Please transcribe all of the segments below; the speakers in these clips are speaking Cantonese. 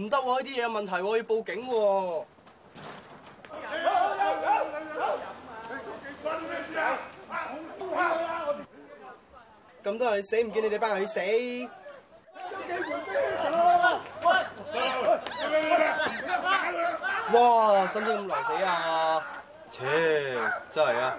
唔得喎，呢啲嘢有問題喎，我要報警喎。咁多人死唔見你哋班人去死。哇，使唔使咁狼死啊？切，真係啊！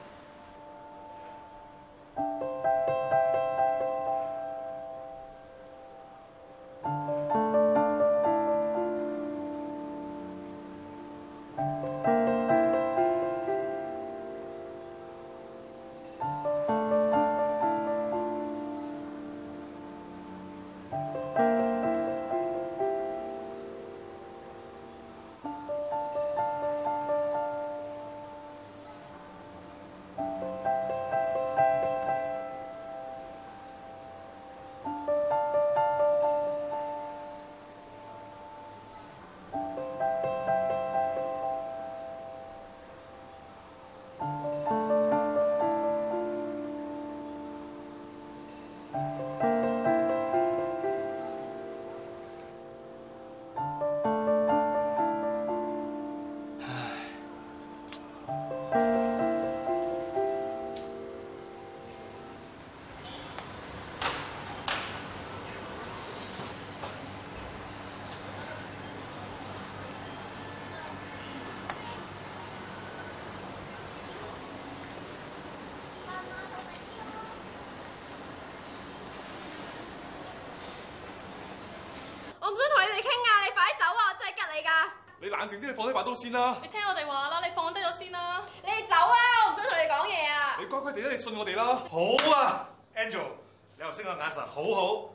唔想同你哋傾啊！你快啲走啊！我真係吉你噶。你冷靜啲，你放低把刀先啦。你聽我哋話啦，你放低咗先啦。你哋走啊！我唔想同你講嘢啊！你乖乖哋啦，你信我哋咯。好啊，Angel，你頭先個眼神好好，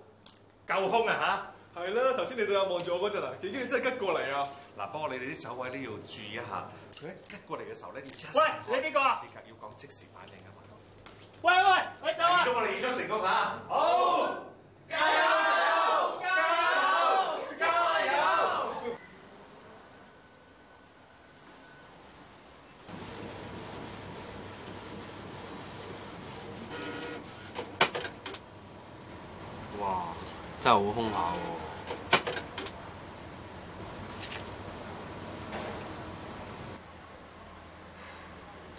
夠兇啊吓。係啦，頭先你對眼望住我嗰陣啊，點知真係吉過嚟啊！嗱，幫我你哋啲走位都要注意一下。佢一吉過嚟嘅時候咧，你即喂，你係邊個啊？你格要講即時反應啊嘛。喂喂，你走啊！我哋要出成功牌好，加油！真係好兇下喎、啊！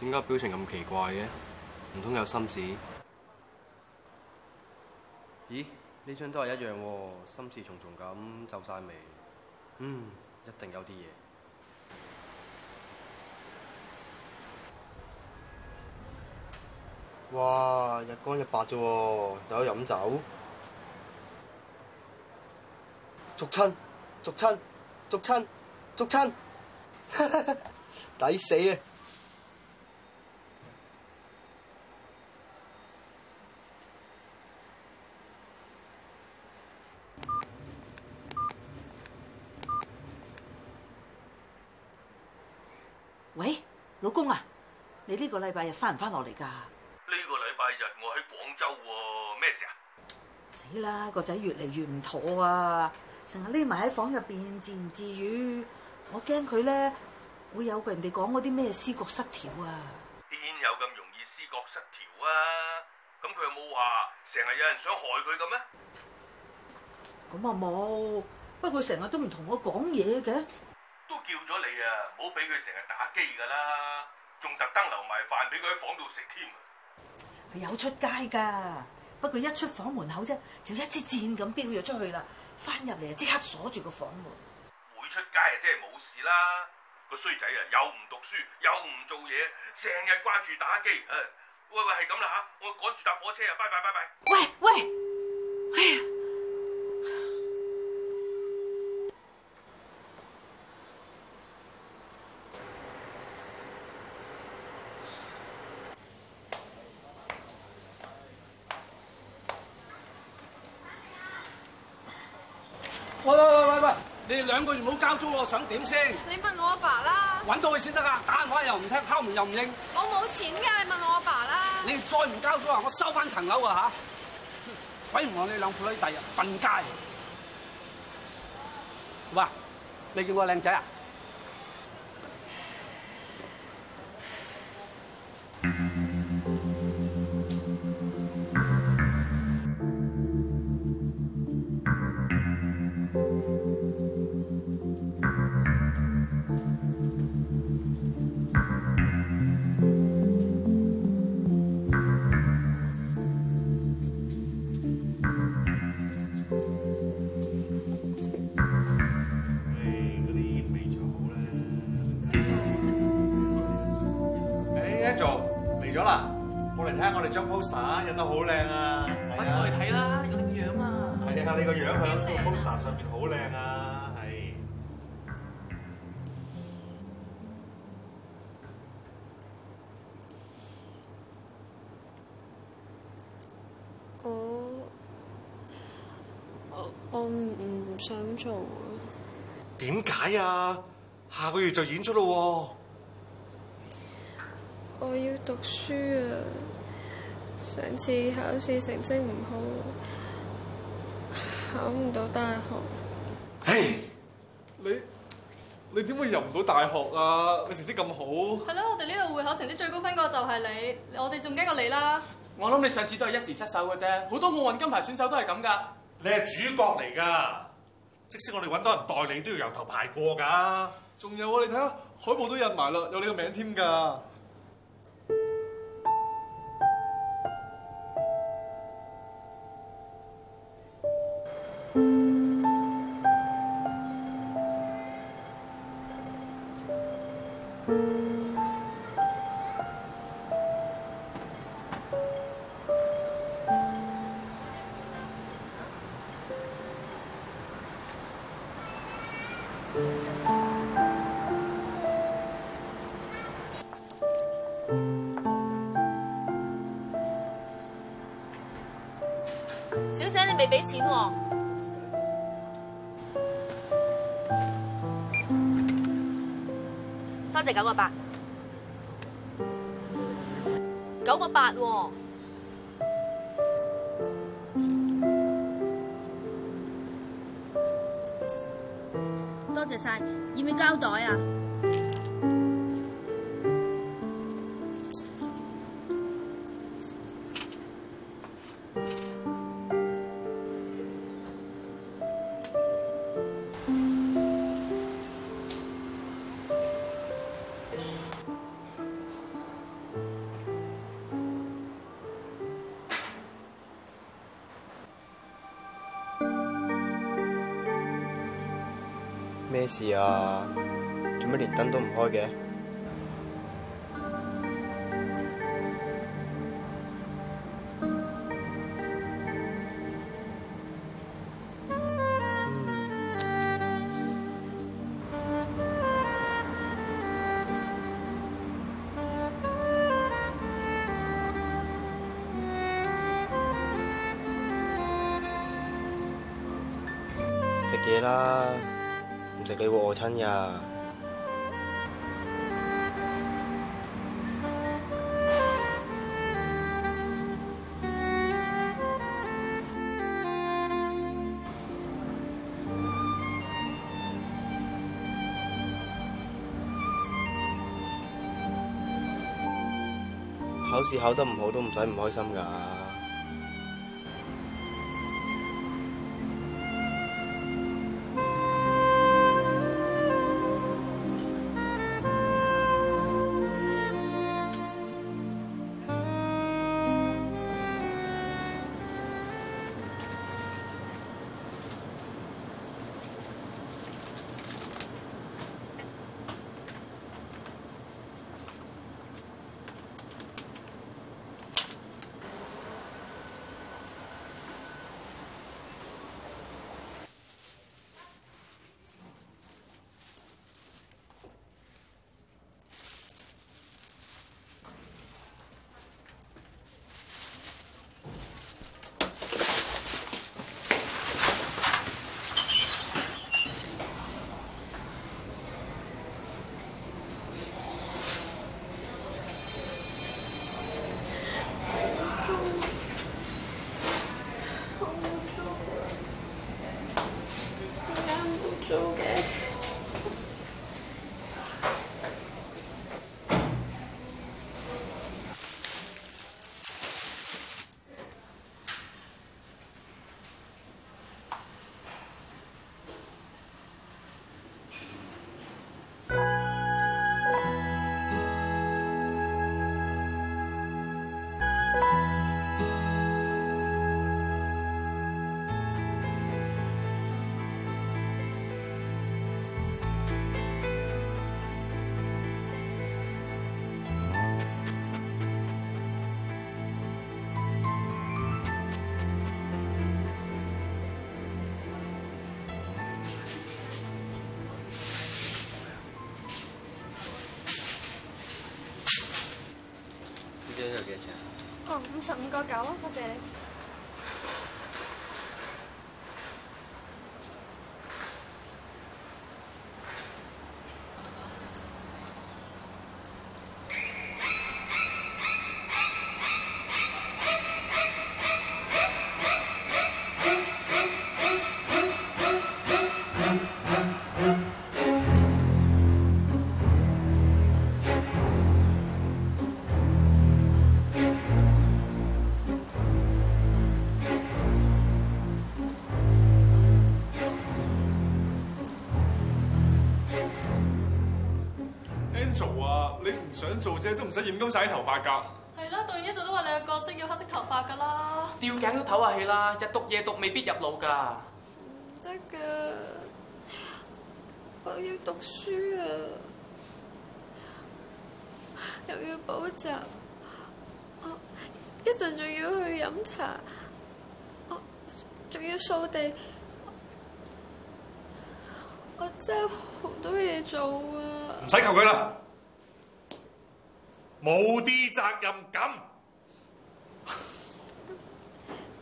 點解表情咁奇怪嘅？唔通有心事？咦，呢張都係一樣喎、啊，心事重重咁，走晒味。嗯，一定有啲嘢。哇，日光日白啫喎、啊，走去飲酒？俗親，俗親，俗親，俗親，抵死啊！喂，老公啊，你呢個禮拜日翻唔翻落嚟噶？呢個禮拜日我喺廣州喎，咩事啊？死啦，個仔越嚟越唔妥啊！成日匿埋喺房入邊自言自語，我驚佢咧會有佢人哋講嗰啲咩思覺失調啊！邊有咁容易思覺失調啊？咁佢有冇話成日有人想害佢咁咧？咁啊冇，不過成日都唔同我講嘢嘅，都叫咗你啊，唔好俾佢成日打機㗎啦，仲特登留埋飯俾佢喺房度食添。啊。佢有出街㗎，不過一出房門口啫，就一支箭咁飆咗出去啦。翻入嚟就即刻鎖住個房門。會出街啊，即係冇事啦。個衰仔啊，又唔讀書，又唔做嘢，成日掛住打機。誒、呃，喂喂，係咁啦吓？我趕住搭火車啊，拜拜拜拜。喂喂，哎呀。兩個月冇交租，我想點先？你問我阿爸啦。揾到佢先得㗎！打電話又唔聽，敲門又唔應。我冇錢㗎，你問我阿爸啦。你再唔交租啊，我收翻層樓啊吓，鬼唔望你兩父女第日瞓街。喂，你見過靚仔啊？Musa 人都好靚啊，嚟睇啦，有你個樣啊，睇下你個樣喺 Musa 上面好靚啊，係。我我唔想做啊。點解啊？下個月就演出咯。我要讀書啊。上次考試成績唔好，考唔到大學。嘿，你你點會入唔到大學啊？你成績咁好。係咯，我哋呢度會考成績最高分個就係你，我哋仲驚過你啦。我諗你上次都係一時失手嘅啫，好多奧運金牌選手都係咁㗎。你係主角嚟㗎，即使我哋揾到人代你，都要由頭排過㗎。仲有啊，你睇下海報都印埋啦，有你個名添㗎。小姐，你未俾錢喎。啊？多謝九個八，九個八喎，啊。多謝晒，要唔要膠袋啊？咩事啊？做乜連燈都唔開嘅？食嘢啦。唔食你餓親呀！考試考得唔好都唔使唔開心㗎。五十五個九，多謝你。做啫都唔使染金洗頭髮噶。係啦，導演一早都話你嘅角色要黑色頭髮噶啦。吊頸都唞下氣啦，日讀夜讀未必入腦噶。唔得㗎，我要讀書啊，又要補習，我一陣仲要去飲茶，我仲要掃地，我，我真係好多嘢做啊。唔使求佢啦。冇啲責任感，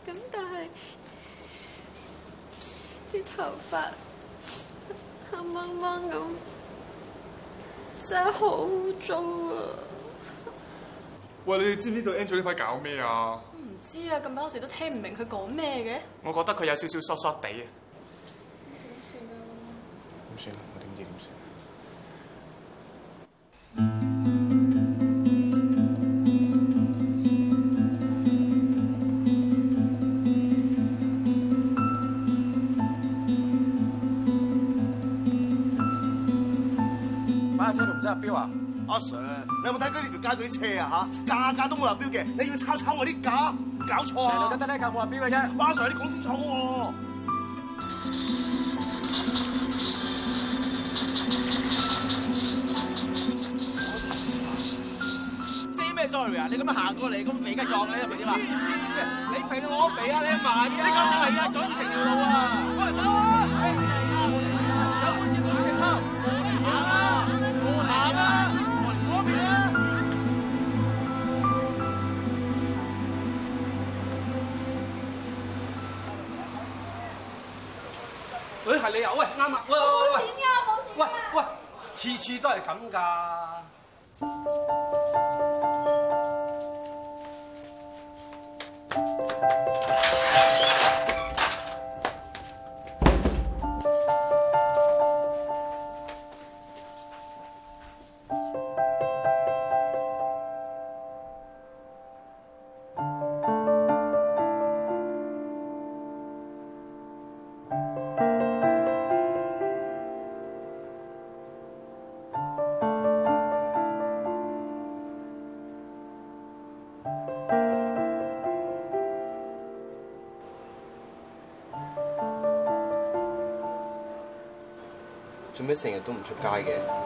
咁 但係啲頭髮黑掹掹咁，真係好污糟啊！ 喂，你哋知唔知道 Angel 呢排搞咩啊？唔知啊，咁多時都聽唔明佢講咩嘅。我覺得佢有少少 short short 哋啊。點算啊，點算？我點知點算？標啊，阿 Sir，你有冇睇呢條街度啲車啊？吓，價格都冇話標嘅，你要抄抄我啲架，搞錯啊！得得咧，冇話標嘅啫。哇，阿 Sir，你講錯好 say 咩 sorry 啊？你咁樣行過嚟，咁肥吉撞你啊？肥仔嘛！黐線嘅，你肥到我肥啊？你阿咪，你講住係啊，感情路啊！理由、 嗯，喂，啱啊，喂喂喂，喂喂，次次都係咁㗎。咩，成日都唔出街嘅？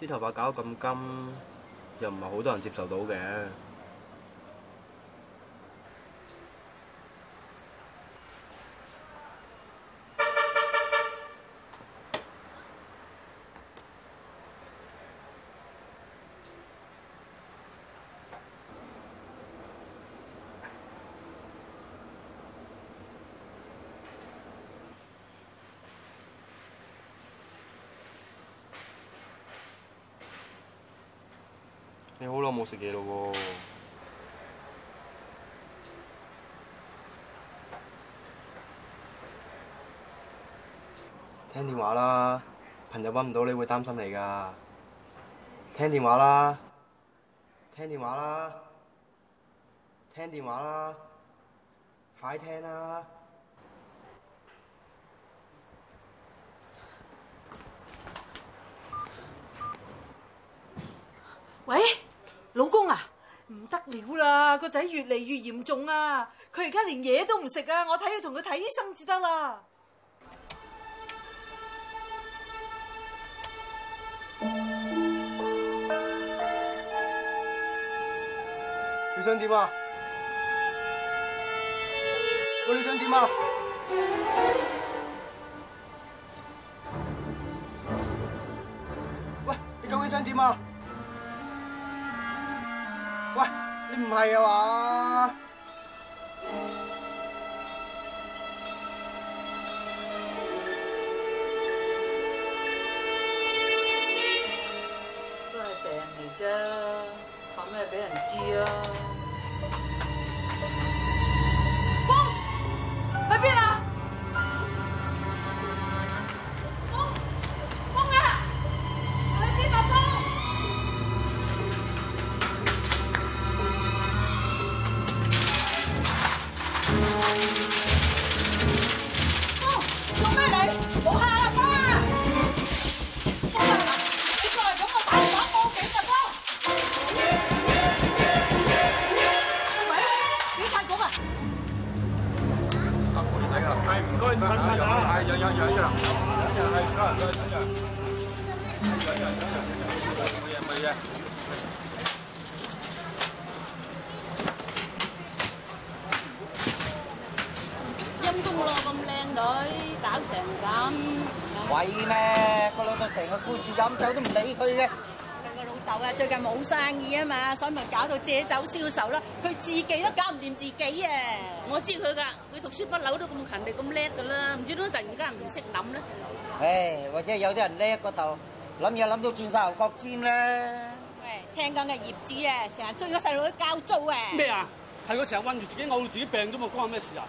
啲頭髮搞到咁金，又唔係好多人接受到嘅。你好耐冇食嘢喇喎，聽電話啦，朋友搵唔到你會擔心你㗎，聽電話啦，聽電話啦，聽電話啦，快聽啦！喂？老公啊，唔得了啦，個仔越嚟越嚴重啊！佢而家連嘢都唔食啊，我睇要同佢睇醫生至得啦。你想點啊？喂，你想點啊？喂，你究竟想點啊？喂，你唔係啊嘛？都係病人嚟啫，怕咩俾人知啊？係唔該，飲一陣。係，有有有樣，飲一陣。係唔該，飲一陣。飲一陣，飲一陣。冇嘢，冇嘢。陰功咯，咁靚女搞成咁。鬼咩？個老豆成日顧住飲酒，都唔理佢嘅。佢個老豆啊，最近冇生意啊嘛，所以咪搞到借酒消愁咯。佢自己都搞唔掂自己啊！我知佢噶。說不老都咁勤力咁叻㗎啦，唔知點解突然間唔識諗咧。唉、哎，或者有啲人叻嗰度，諗嘢諗到轉晒牛角尖啦。喂，聽講嘅業主啊，成日追個細路去交租啊？咩啊？係佢成日韫住自己，嘔到自，自己病咗嘛？關我咩事啊？